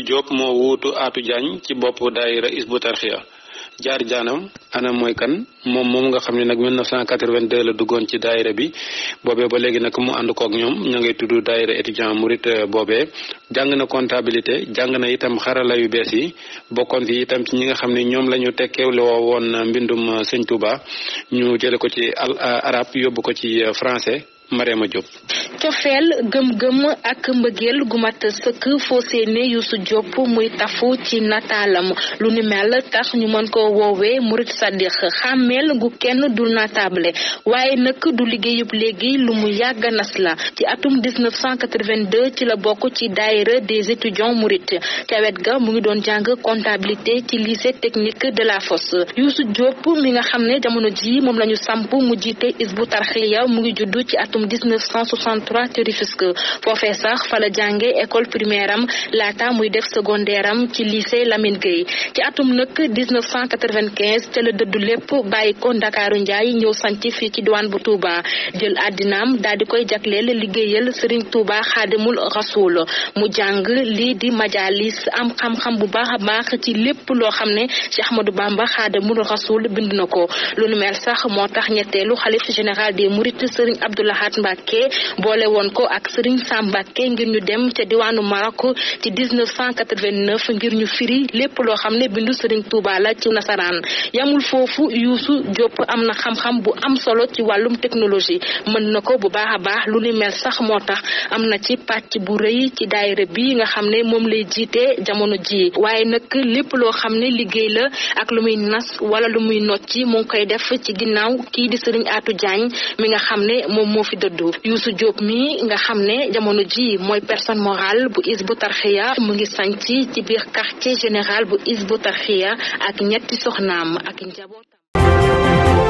Youssou Diop moo wuutu Atou Diagne ci bopp daayira Hizbut Tarqiyyah jaar jaanam anam mooy kan moom moom nga xam ne nag 1982 la duggoon ci daayira bi boobee ba léegi nag mu ànd kook ñoom ña ngay tudd daayira étudiant murit euh, boobee jàng na comptabilité jàng na itam xarala yu bees yi bokkoon fi itam ci ñi nga xam ne ñoom la ñu tekkeewle woon mbindum sëñ Touba ñu jële ko ci al euh, arab yóbbu ko ci euh, français ma Diop cofeel gëm-gëm ak mbëggeel gu mat sëkk foosee ne Youssou muy tafu ci nataalam lu ni tax ñu mën ko woowee murit sadix xàmmeel gu kenn dul nataable waaye nag du liggéeyub léegi lu mu yàgg nas la ci atum 1982 ci la bokk ci daayira des étudiants murit ca wet ga mu ngi doon jàng comptabilité ci lycée technique de la Fosse Youssou Diop mi nga xam ne jamono ji moom la ñu samp mu jiite Hizbut Tarqiyyah mu ngi juddu ci atum 1960 3 ci Rufisque foofee sax fa la jànge école primaire am laata muy def secondaire am ci lycée Lamine Gueye ci atum nag 1995 ca la dëddu lépp bàyyi ko Ndakaaru Njaay ñëw sanc fii ci diwaan bu Touba jël àddinaam daal di koy jagleel liggéeyal Serigne Touba Xaadimul Rasul mu jàng li di majalis am xam-xam bu baax a baax ci lépp loo xam ne Cheikh Ahmadou Bamba Xaadimul Rasul bind na ko lu nu sax moo tax ñetteelu xalif général des Mourides Serigne Abdou Lahad boole boole woon ko ak Serigne Sambake ngir ñu dem ca diwaanu Maroc ci 1989 ngir ñu firi lépp loo xam ne bindu Serigne Touba la ci nasaraan yamul foofu Youssou Diop am na xam-xam bu am solo ci wàllum technologie mën na ko bu baax a baax lu ne mel sax moo tax am na ci pàcc bu rëy ci daayira bi nga xam ne moom lay jiite jamono ji waaye nag lépp loo xam ne liggéey la ak lu muy nas wala lu muy nocci mu ngi koy def ci ginnaaw kii di Serigne atu Diagne mi nga xam ne moom moo fi dëddu mi nga xam ne jamono ji mooy personne morale bu Hizbut Tarqiyyah mu ngi sanc ci biir quartier général bu Hizbut Tarqiyyah ak ñetti soxnaam ak njabootam